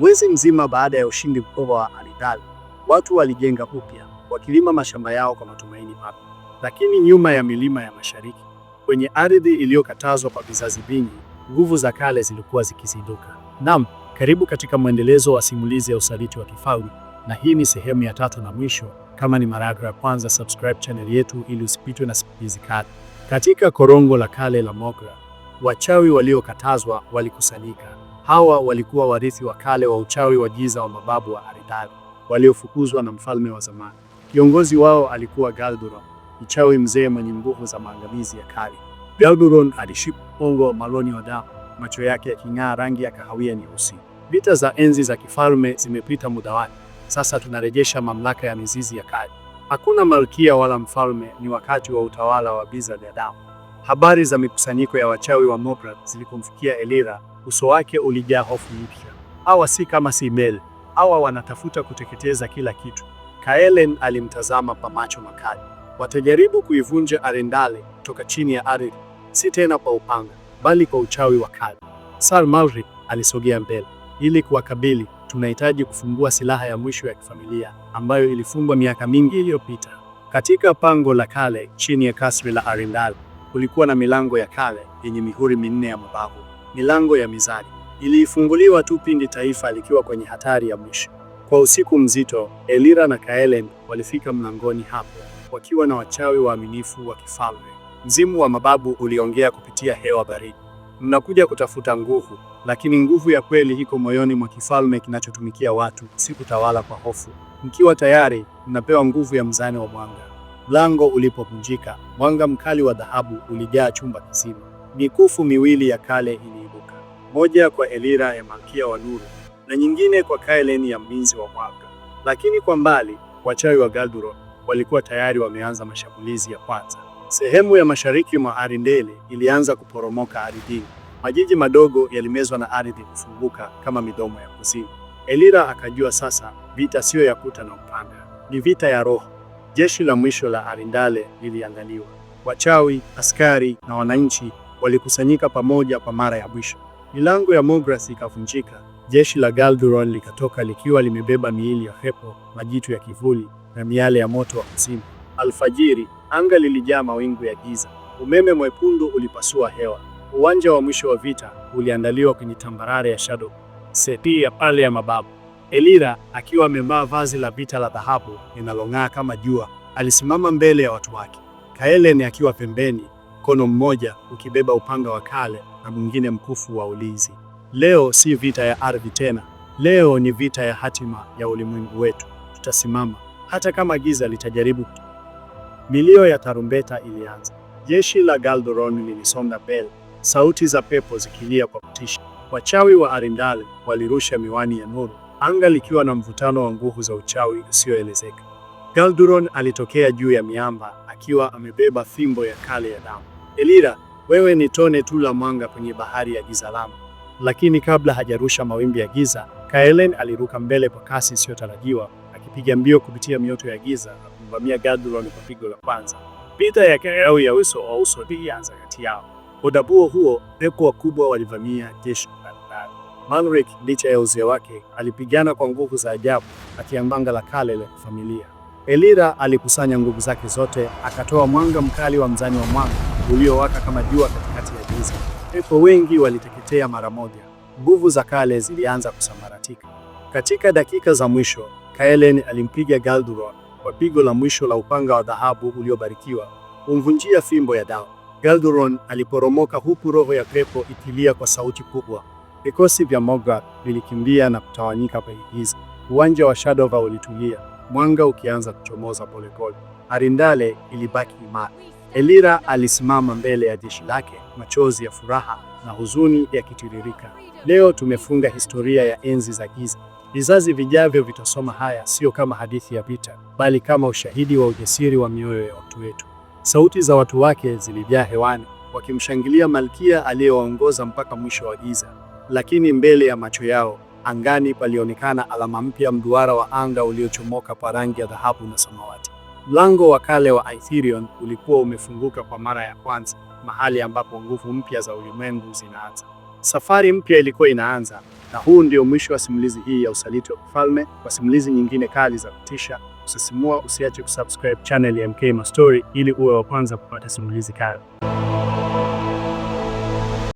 Mwezi mzima baada ya ushindi mkubwa wa Aridal, watu walijenga upya, wakilima mashamba yao kwa matumaini mapya. Lakini nyuma ya milima ya mashariki, kwenye ardhi iliyokatazwa kwa vizazi vingi, nguvu za kale zilikuwa zikizinduka. Naam, karibu katika mwendelezo wa simulizi ya usaliti wa kifalme, na hii ni sehemu ya tatu na mwisho. Kama ni mara yako ya kwanza, subscribe channel yetu ili usipitwe na simulizi kali. Katika korongo la kale la Mogra, wachawi waliokatazwa walikusanyika Hawa walikuwa warithi wa kale wa uchawi wa giza wa mababu wa Aritaru waliofukuzwa na mfalme wa zamani. Kiongozi wao alikuwa Galduron, mchawi mzee mwenye nguvu za maangamizi ya kali. Galduron alishika pongo maloni wa damu, macho yake yaking'aa rangi ya kahawia nyeusi. Vita za enzi za kifalme zimepita muda wake. Sasa tunarejesha mamlaka ya mizizi ya kali. Hakuna malkia wala mfalme, ni wakati wa utawala wa biza ya damu. Habari za mikusanyiko ya wachawi wa Mobrat zilikumfikia Elira Uso wake ulijaa hofu mpya. Hawa si kama Simmel, hawa wanatafuta kuteketeza kila kitu. Kaelen alimtazama kwa macho makali. Watajaribu kuivunja Arendale kutoka chini ya ardhi, si tena kwa upanga, bali kwa uchawi wa kale. Sir Mauri alisogea mbele ili kuwakabili. Tunahitaji kufungua silaha ya mwisho ya kifamilia ambayo ilifungwa miaka mingi iliyopita. Katika pango la kale chini ya kasri la arendal kulikuwa na milango ya kale yenye mihuri minne ya mababu milango ya mizani iliifunguliwa tu pindi taifa likiwa kwenye hatari ya mwisho. Kwa usiku mzito, Elira na Kaelen walifika mlangoni hapo wakiwa na wachawi waaminifu wa kifalme. Mzimu wa mababu uliongea kupitia hewa baridi. Mnakuja kutafuta nguvu, lakini nguvu ya kweli iko moyoni mwa kifalme kinachotumikia watu, si kutawala kwa hofu. Mkiwa tayari, mnapewa nguvu ya mzani wa mwanga. Mlango ulipovunjika, mwanga mkali wa dhahabu ulijaa chumba kizima. Mikufu miwili ya kale ili moja kwa Elira ya Malkia wa Nuru na nyingine kwa Kaelen ya Mlinzi wa Mwaka. Lakini kwa mbali, wachawi wa Galduro walikuwa tayari wameanza mashambulizi ya kwanza. Sehemu ya mashariki mwa Arindele ilianza kuporomoka ardhini. Majiji madogo yalimezwa na ardhi kufunguka kama midomo ya kuzimu. Elira akajua sasa vita siyo ya kuta na upanga, ni vita ya roho. Jeshi la mwisho la Arindale liliangaliwa. Wachawi, askari na wananchi walikusanyika pamoja kwa mara ya mwisho. Milango ya mogras ikavunjika, jeshi la Galduron likatoka likiwa limebeba miili ya Hepo, majitu ya kivuli na miale ya moto wa kuzimu. Alfajiri anga lilijaa mawingu ya giza, umeme mwekundu ulipasua hewa. Uwanja wa mwisho wa vita uliandaliwa kwenye tambarare ya Shadow, seti ya pale ya mababu. Elira akiwa amevaa vazi la vita la dhahabu linalong'aa kama jua, alisimama mbele ya watu wake, Kaelen akiwa pembeni mkono mmoja ukibeba upanga wa kale na mwingine mkufu wa ulinzi. Leo si vita ya ardhi tena, leo ni vita ya hatima ya ulimwengu wetu. Tutasimama hata kama giza litajaribu. Milio ya tarumbeta ilianza. Jeshi la Galdoron lilisonga mbele, sauti za pepo zikilia kwa kutisha. Wachawi wa Arindale walirusha miwani ya nuru, anga likiwa na mvutano wa nguvu za uchawi usioelezeka. Galduron alitokea juu ya miamba akiwa amebeba fimbo ya kale ya damu. elira wewe ni tone tu la mwanga kwenye bahari ya giza lamu. Lakini kabla hajarusha mawimbi ya giza, Kaelen aliruka mbele kwa kasi isiyotarajiwa, akipiga mbio kupitia mioto ya giza na kumvamia Gadron kwa pigo la kwanza. Vita ya yao ya uso wa uso ilianza kati yao. Udabuo huo pepo wakubwa walivamia jeshi la Dalari. licha ya uzee wake alipigana kwa nguvu za ajabu, akiambanga la kale la kufamilia Elira alikusanya nguvu zake zote, akatoa mwanga mkali wa mzani wa mwanga uliowaka kama jua katikati ya giza. Pepo wengi waliteketea mara moja. Nguvu za kale zilianza kusambaratika. Katika dakika za mwisho, Kaelen alimpiga Galduror kwa pigo la mwisho la upanga wa dhahabu uliobarikiwa, kumvunjia fimbo ya dawa. Galduron aliporomoka huku roho ya pepo ikilia kwa sauti kubwa. Vikosi vya Mograth vilikimbia na kutawanyika kwenye giza. Uwanja wa Shadowva ulitulia mwanga ukianza kuchomoza polepole. Arindale ilibaki imara. Elira alisimama mbele ya jeshi lake, machozi ya furaha na huzuni yakitiririka. Leo tumefunga historia ya enzi za giza. Vizazi vijavyo vitasoma haya sio kama hadithi ya vita, bali kama ushahidi wa ujasiri wa mioyo ya watu wetu. Sauti za watu wake zilijaa hewani, wakimshangilia malkia aliyewaongoza mpaka mwisho wa giza, lakini mbele ya macho yao Angani palionekana alama mpya, mduara wa anga uliochomoka kwa rangi ya dhahabu na samawati. Mlango wa kale wa Aetherion ulikuwa umefunguka kwa mara ya kwanza, mahali ambapo nguvu mpya za ulimwengu zinaanza. Safari mpya ilikuwa inaanza, na huu ndio mwisho wa simulizi hii ya Usaliti wa Kifalme. Kwa simulizi nyingine kali za kutisha usisimua, usiache kusubscribe channel ya MK Mastori ili uwe wa kwanza kupata simulizi kali.